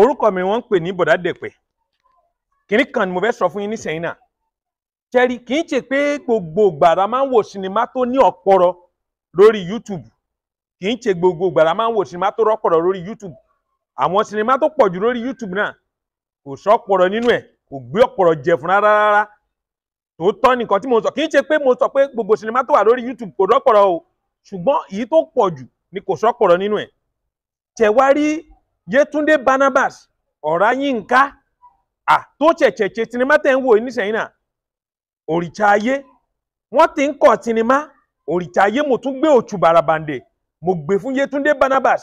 orúkọ mi wọ́n ń pè ní bọ̀dá dẹ̀pẹ̀ kìnní kan ni mo fẹ́ sọ fún yín nísìnyí náà tẹ́rí kì í ṣe pé gbogbo gbàrà máa ń wo sinimá tó ní ọ̀pọ̀rọ̀ lórí YouTube kì í ṣe gbogbo gbàrà máa ń wo sinimá tó rọ́pọ̀rọ̀ lórí YouTube àwọn sinimá tó pọ̀ jù lórí YouTube náà kò sọ́pọ̀rọ̀ nínú ẹ̀ kò gbé ọ̀pọ̀rọ̀ jẹ fún rárá rárá tòótọ́ nìkan tí mo sọ kì í ṣe pé mo sọ pé gbogbo sinimá tó wà lórí YouTube kò rọ́pọ̀rọ̀ o ṣùgbọ́n èyí tó pọ̀ jù ni kò sọ́pọ̀rọ̀ nínú ẹ̀ tẹ̀wárí Yetunde Barnabas Ọ̀ráyínká àtó ṣẹ̀ṣẹ̀ṣẹ̀ sinimá tẹ̀ ń wò nísìnyí náà òrìṣà ayé wọ́n ti ń kọ́ sinimá òrìṣà ayé mo tún gbé òtù bàràbàǹdè mo gbé fún Yétúndé Barnabas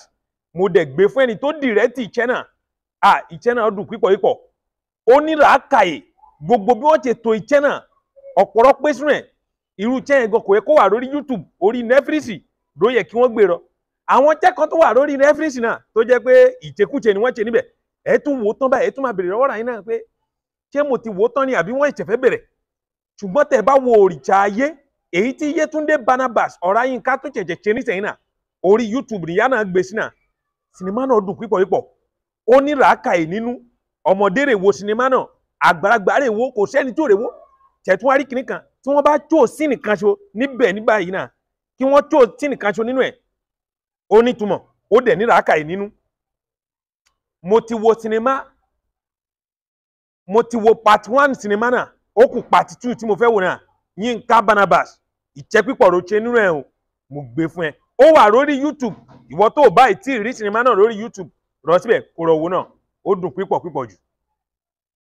mo dẹ̀ gbé fún ẹni tó dìrẹ́tì iṣẹ́ náà à iṣẹ́ náà dùn pípọ̀ pípọ̀ ó ní làákàyè gbogbo bí wọ́n ṣe to iṣẹ́ náà ọ̀pọ̀rọ̀ pèsè rẹ̀ irú iṣẹ́ yẹn gan kò yẹ kó wà lórí YouTube orí Netflix ló yẹ kí wọ́n gbé rọ àwọn jẹ́kan tó wà lórí rẹ́fírísì náà tó jẹ́ pé ìjẹkújẹ ni wọ́n ṣe níbẹ̀ ẹ tún wò ó tán báyìí ẹ tún máa bèrè lọ́wọ́ ràyìn náà pé ṣé mo ti wò ó tán ni àbí wọ́n ìṣẹ̀fẹ́ bẹ̀rẹ̀ ṣùgbọ́n tẹ̀ bá wo òrìṣà ayé èyí tí Yétúndé Barnabas Ọláyínká tó ṣẹ̀ṣẹ̀ ṣe nísẹ̀yìn náà orí YouTube nìyá náà gbé sí náà sinimá náà dùn pípọ̀ pípọ̀ ó ní làákàyè nínú ọmọdé rè wo sinimá náà àgbàlagbà rè wo kò sẹ́ni tó rè wo tẹ̀tún wá rí kìnìkan tí wọ́n bá tó sí níbẹ̀ nígbà yìí náà kí wọ́n tó sí nínú ẹ̀ ó nítumọ̀ ó dẹ̀ ní ràákàyè nínú mo ti wo sinimá mo ti wo part one sinimá náà ó kù part two tí mo fẹ́ wò náà Yínká Barnabas ìjẹ́ pípọ̀ roche nínú ẹ̀ o mo gbé fún ẹ ó wà lórí YouTube ìwọ tó o báyìí tí ì rí sinimá náà lórí YouTube rọ síbẹ̀ kó rọ wo náà ó dùn pípọ̀ pípọ̀ jù.